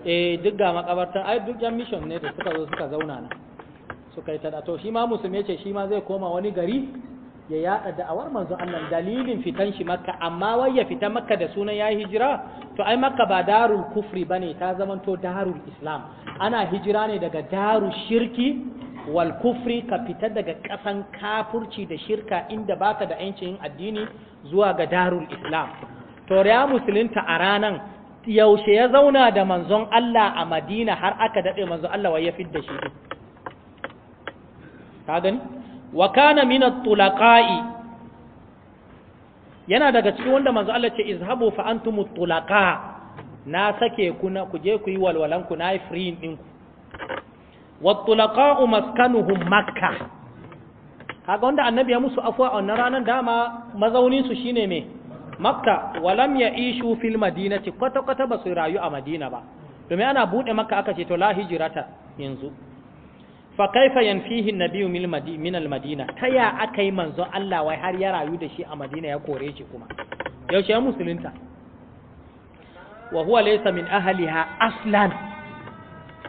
Speaker 1: eh duk ga makabartan ai duk yan mission ne da suka zo suka zauna nan suka yi tada to shi ma musulmi ce shi ma zai koma wani gari ya yada da'awar manzon Allah dalilin fitan shi makka amma wai ya fita makka da sunan ya hijira to ai makka ba darul kufri bane ta zamanto darul islam ana hijira ne daga darul shirki wal kufri ka fita daga kasan kafurci da shirka inda baka da yancin addini zuwa ga darul islam to ya musulunta a ranan yaushe ya zauna da manzon Allah a Madina har aka dade manzon Allah wai ya da shi ka gani wa kana min at-tulaqa'i yana daga cikin wanda manzo Allah ce izhabu fa antum at-tulaqa na sake ku na ku je ku yi walwalan ku na yi free din ku wa at-tulaqa'u maskanuhum makkah kaga wanda annabi ya musu afwa a wannan ranar dama mazaunin su shine me makka walam ya'ishu fil madinati kwata kwata ba rayu a madina ba domin ana bude makka aka ce to la hijrata yanzu fa kaifa yanfihi nabiyyu min al-madina ta ya aka yi manzon Allah wai har ya rayu da shi a Madina ya kore shi kuma yaushe ya musulunta wa huwa laysa min ahliha aslan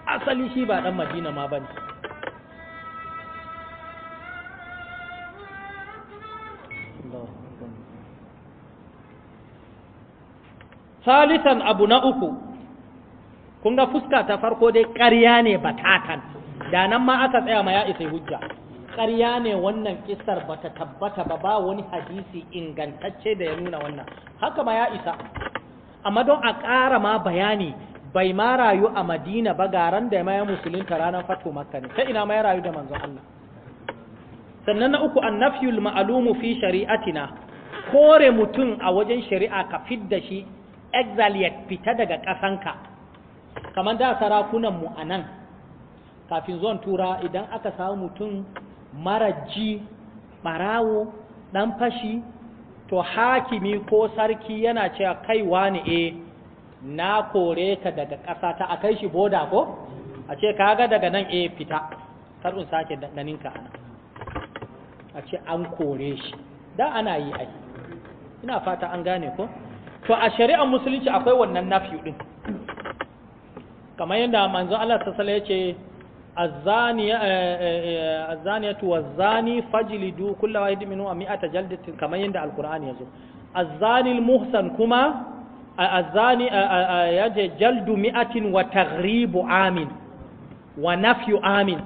Speaker 1: asali shi ba dan Madina ma bane Salisan abu na uku, kun ga fuska ta farko dai ƙarya ne batatan, da nan ma aka tsaya ma ya isa hujja ƙarya ne wannan kisar ba ta tabbata ba ba wani hadisi ingantacce da ya nuna wannan haka ma ya isa amma don a ƙara ma bayani bai ma rayu a madina ba garan da ya maya musulunta ranar fato makka ne ta ina ma ya rayu da manzon Allah sannan na uku annafiyul ma'alumu fi shari'atina kore mutum a wajen shari'a ka fidda shi exiliate fita daga ƙasanka kamar da sarakunan mu anan kafin zuwan tura idan aka samu mutum maraji barawo dan fashi to hakimi ko sarki yana cewa kai wani e eh, na kore ka daga ƙasa ta a kai shi boda ko a ce kaga daga nan e fita karɓin sake ka ana a ce an kore shi da ana yi ai ina fata an gane ko to a shari'ar musulunci akwai wannan nafi din kamar yadda manzo Allah sallallahu alaihi wasallam ya ce الزانية والزاني فاجلدوا كل واحد منهما مئة جلدة كما يندى القرآن يزو الزاني المحسن كما الزاني يجي جلد مئة وتغريب عام ونفي عام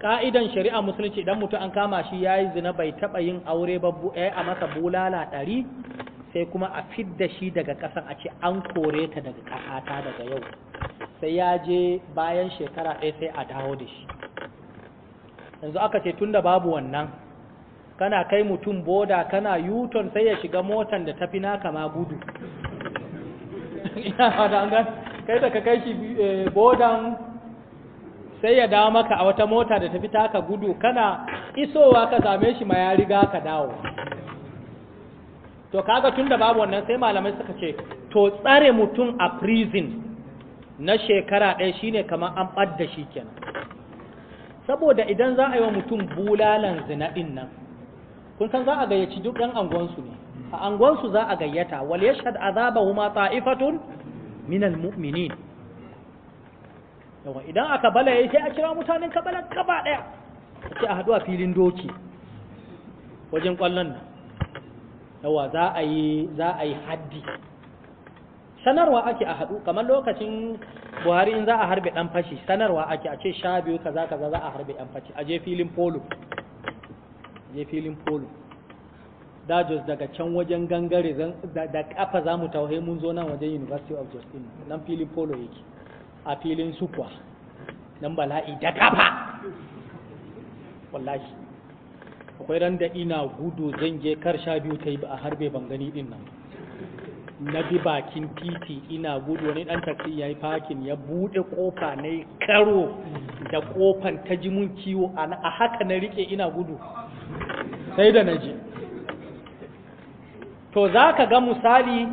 Speaker 1: ka'idan shari'a musulunci idan mutum an kama shi ya yi zina bai taɓa yin aure ba a masa bulala ɗari sai kuma a fidda shi daga ƙasan a ce an kore ta daga ƙasata daga yau sai ya je bayan shekara ɗaya sai a dawo da shi yanzu aka ce tun da babu wannan kana kai mutum boda kana yuton sai ya shiga motan da tafi naka ma gudu kai da ka kai shi eh, bodan sai ya dawo maka a wata mota da tafi taka gudu kana isowa ka same shi ma ya riga ka dawo to kaga tun da babu wannan sai malamai suka ce to tsare mutum a prison na shekara ɗaya shine kamar an ɓadda shi kenan saboda idan za a yi wa mutum bulalan zina ɗin nan kun san za a gayyaci duk ɗan angonsu ne a angonsu za a gayyata wal yashhad azabahuma ta'ifatun minan mu'minin yawa idan aka bala yayi sai a kira mutanen kabalan kaba a sai a haɗu a filin doki wajen kwallon nan yawa za a yi haddi sanarwa ake a haɗu kamar lokacin buhari in za a harbe ɗan fashi sanarwa ake a ce sha biyu kaza kaza za a harbe ɗan fashi a je filin polo je filin polo dajos daga can wajen gangare da kafa za mu tauhe mun zo nan wajen university of justin nan filin polo yake a filin sukwa nan bala'i da kafa wallahi akwai ran da ina gudu zan je kar sha biyu ta yi ba a harbe ban gani din nan
Speaker 2: na bi bakin
Speaker 1: titi ina gudu wani dan taksi ya yi fakin ya buɗe ƙofa na karo da ƙofan ta ji mun kiwo a haka na rike ina gudu sai da na je to za ka ga misali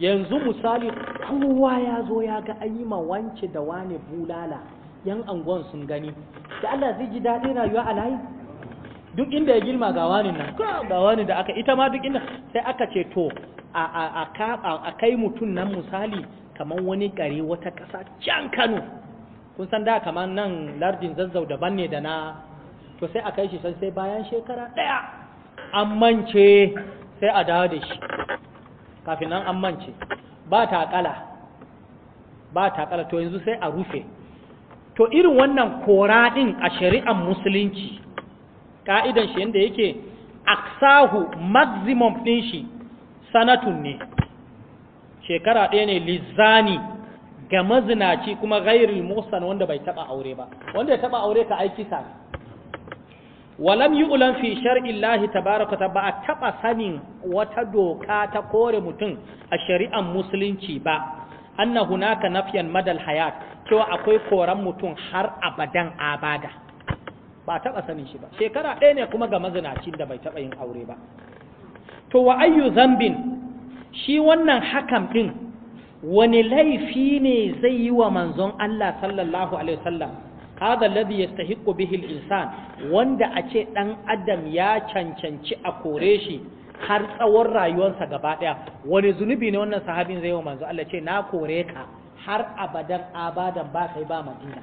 Speaker 1: yanzu misali kowa ya zo ya ga an yi ma wance da wane bulala yan angon sun gani da Allah zai ji daɗin rayuwa a layi duk inda ya girma ga wani nan ga wani da aka ita ma duk inda sai aka ce to a kai mutum nan misali kamar wani gari wata ƙasa can Kano kun san da kamar nan lardin zazzau daban ne da na to sai a kai shi sai bayan shekara ɗaya an mance sai a dawo da shi kafin nan an mance ba ta kala. ba ta kala to yanzu sai a rufe to irin wannan kora ɗin a shari'an musulunci ƙa'idan shi yadda yake aksahu maximum ɗin shi sanatun ne shekara ɗaya ne lizani ga mazinaci kuma ghairil musan wanda bai taba aure ba wanda ya taba aure ka aiki sa walam ulan fi shar'i ta tabaaraka ba a taba sanin wata doka ta kore mutum a shari'an musulunci ba anna hunaka nafyan madal hayat cewa akwai koran mutum har abadan abada ba taba sanin shi ba shekara ɗaya ne kuma ga mazinacin da bai taba yin aure ba to wa ayyu zambin shi wannan hakan din wani laifi ne zai yi wa manzon Allah sallallahu alaihi wasallam kaga ladhi yastahiqqu bihi al-insan wanda a ce dan adam ya cancanci a kore shi har tsawon rayuwarsa gaba daya wani zunubi ne wannan sahabin zai yi wa manzon Allah ce na kore ka har abadan abadan ba kai ba madina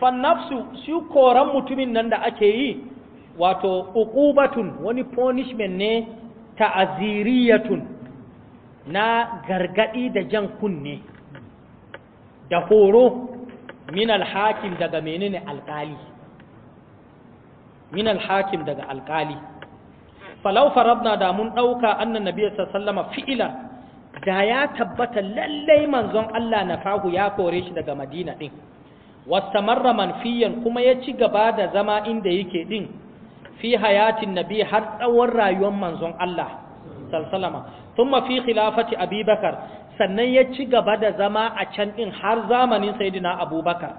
Speaker 1: fannafsu shi koran mutumin nan da ake yi wato uqubatun wani punishment ne tun na gargadi da jan kunne da horo min alhakim daga menene alkali min alhakim daga alkali falau farabna da mun dauka annan nabiyyi sallama fi'ila da ya tabbata lallai manzon Allah na fahu ya kore shi daga Madina din wastamarra manfiyan kuma ya ci gaba da zama inda yake din fi hayatin nabi har tsawon rayuwar manzon Allah sallallahu thumma fi khilafati abubakar sannan ya ci gaba da zama a can din har zamanin sayyidina abubakar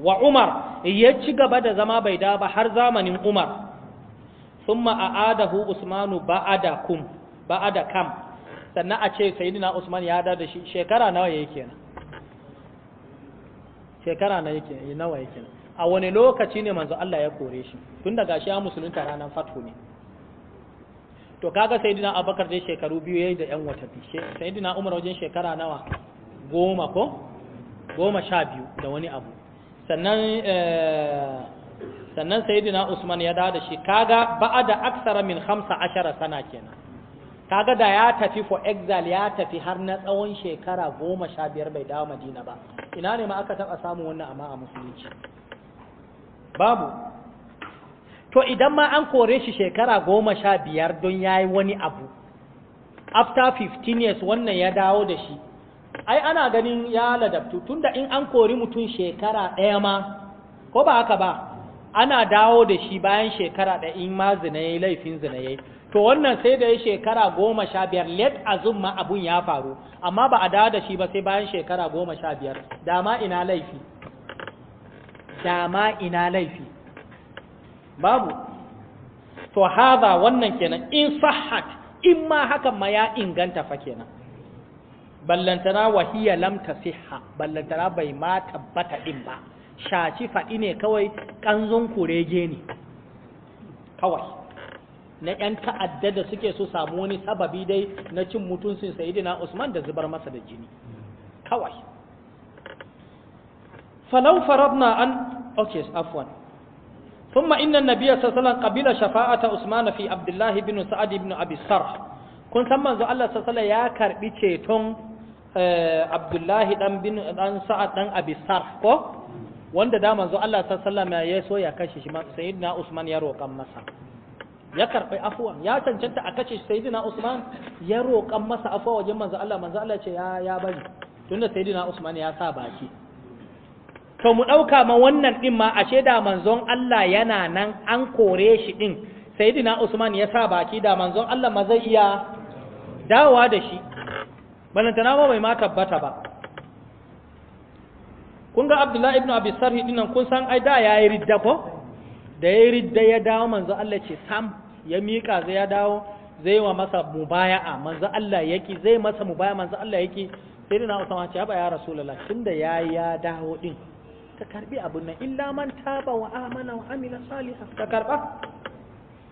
Speaker 1: wa umar ya ci gaba da zama bai da ba har zamanin umar a adahu usmanu ba'ada kum ba'ada kam sannan a ce sayyidina usman ya da shi shekara nawa yake kenan shekara nawa yake nawa yake a wani lokaci ne manzo Allah ya kore shi tun daga shi ya musulunta ranar fatu ne to kaga sayyidina abubakar dai shekaru biyu yayi da yan watanni sayyidina umar wajen shekara nawa goma ko goma sha biyu da wani abu sannan eh, sannan sayyidina usman ya dawo da shi kaga ba'a da aksara min hamsa ashara sana kenan kaga da ya tafi for exile ya tafi har na tsawon shekara goma sha biyar bai dawo madina ba ina ne ma aka taɓa samu wannan
Speaker 2: amma a musulunci
Speaker 1: babu to idan ma an kore shi shekara goma sha biyar don ya yi wani abu after 15 years wannan ya dawo da shi ai ana ganin ya ladabtu tun da in an kori mutum shekara ɗaya ma ko ba haka ba ana dawo da shi bayan shekara ɗaya in ma zinaye laifin zinaye to wannan sai da ya shekara goma sha biyar let azum ma abun ya faru amma ba a dawo da shi ba sai bayan shekara goma sha biyar dama ina laifi dama ina laifi babu to haza wannan kenan in sahhat in ma hakan ma ya inganta fa kenan ballantana wahiya lam tasihha ballantana bai ma tabbata din ba shaci faɗi ne kawai kanzon kurege ne kawai na ‘yan ta'adda da suke so samu wani sababi dai na cin mutuncin sayidina Usman da zubar masa da jini, kawai. falau faradna an okay afwan ثم إن النبي صلى الله عليه وسلم قبل شفاعة عثمان في عبد الله بن سعد بن أبي kun san manzo Allah sallallahu ya karbi ceton Abdullahi dan bin dan Sa'ad dan Abi ko wanda da manzo Allah sallallahu ya so ya kashe sayyidina Usman ya roƙan masa ya karɓi afwa ya cancanta a kashe sayyidina Usman ya roƙan masa Afuwa wajen manzo Allah manzo Allah ce ya ya bari tunda sayyidina Usman ya sa baki to mu ɗauka ma wannan ɗin ma ashe da manzon Allah yana nan an kore shi ɗin sayyidina Usman ya sa baki da manzon Allah ma zai iya dawa da shi balantana ma bai ma tabbata ba kun ga Abdullahi ibn Abi Sarhi ɗin kun san ai da ya yi ridda ko da ya yi ridda ya dawo manzon Allah ce sam ya mika zai ya dawo zai wa masa mubaya'a manzon Allah yake zai masa mubaya'a manzon Allah yake sayyidina Usman ce ba ya Rasulullah tunda yayi ya dawo din ka karbi abun nan illa man taba wa amana wa amila salihan ka karba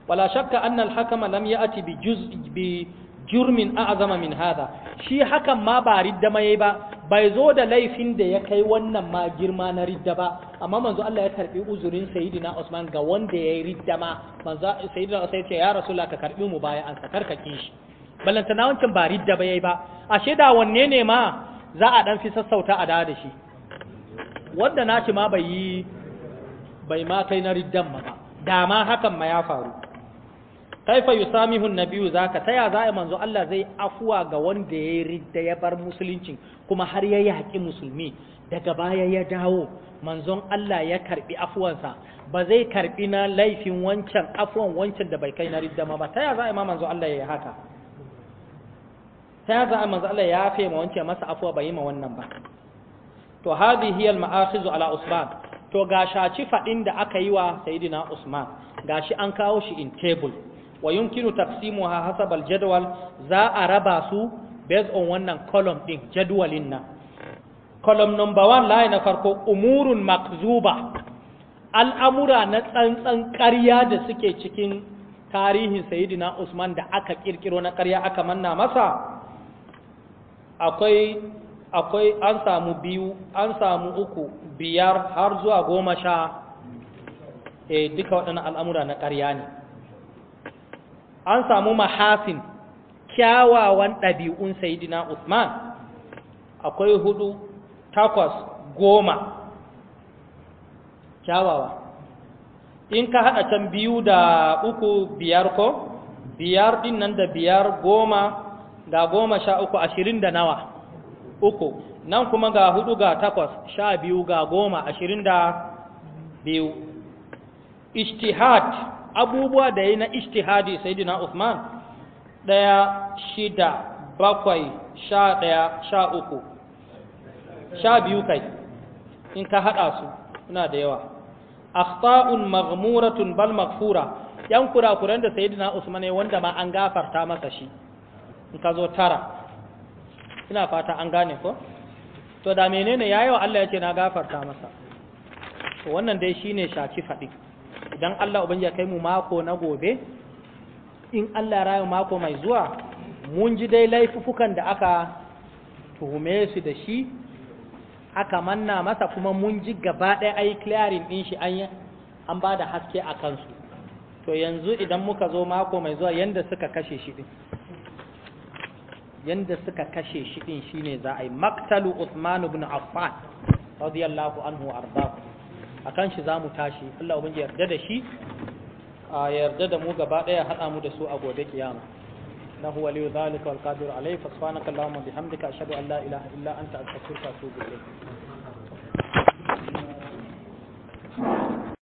Speaker 1: wala shakka anna al-hakama lam ya'ti bi juz'i bi jurmin a'zama min hada shi hakan ma ba ridda mai ba bai zo da laifin da ya kai wannan ma girma na ridda ba amma manzo Allah ya karbi uzurin sayyidina Usman ga wanda yayi ridda ma manzo sayyidina Usman ya ce ya rasulullah ka karbi mu baya an ka karkake shi ballanta na wancan ba ridda ba yayi ba ashe da wanne ne ma za a dan fi sassauta a da shi wanda nashi ma bai yi bai ma kai na riddan ma da ma hakan ma ya faru kaifa yusamihu nabiyu zaka taya za a manzo Allah zai afuwa ga wanda ya ridda ya bar musulunci kuma har ya yaki musulmi daga baya ya dawo manzon Allah ya karbi afuwansa ba zai karbi na laifin wancan afuwan wancan da bai kai na ridda ma ba taya za a ma manzo Allah ya yi haka taya zai manzo Allah ya yafe ma wancan masa afuwa bai yi ma wannan ba to hadi al ma'akhizu ala usman to ga shaci fadin da aka yi wa sayyidina usman gashi an kawo shi in table wa yumkinu taqsimuha hasab al jadwal za a raba su based on wannan column din jadwalin nan column number 1 la na farko umurun makzuba al'amura na tsantsan ƙarya da suke cikin tarihin Sayyidina Usman da aka ƙirƙiro na ƙarya aka manna masa akwai akwai an samu biyu an samu uku biyar har zuwa goma sha e duka waɗannan al'amura na ƙarya ne an samu mahasin kyawawan ɗabi'un saidina usman akwai hudu takwas goma kyawawa in ka haɗa can biyu da uku biyar ko biyar ɗin nan da biyar goma da goma sha uku ashirin da nawa uku nan kuma ga hudu ga takwas sha biyu ga goma ashirin da biyu ishtihad abubuwa da yi na ishtihadi sayyidina Usman ɗaya shida bakwai sha ɗaya sha uku sha biyu kai in ka haɗa su suna da yawa akhta'un maghmuratun bal maghfura yan kurakuren da sayyidina Usman ne wanda ma an gafarta masa shi in ka zo tara ina fata an gane ko to da menene yayi wa Allah yake na gafarta masa to wannan dai shine shafi fadi idan Allah ubangiya ya kai mu mako na gobe in Allah ya rayu mako mai zuwa mun ji dai laifukan da aka tuhume su da shi aka manna masa kuma mun ji gaba ɗaya ai clearing din shi an an ba da haske a kansu to yanzu idan muka zo mako mai zuwa yanda suka kashe shi din yanda suka kashe shi din shine za a yi maktalu Uthman ibn Affan radiyallahu anhu ardahu akan shi zamu tashi Allah ubangiji yarda da shi a yarda da mu gaba daya hada mu da su a gobe kiyama lahu waliyu zalika wal qadiru alayhi fa subhanaka allahumma bihamdika ashhadu an la ilaha illa anta astaghfiruka wa atubu ilayk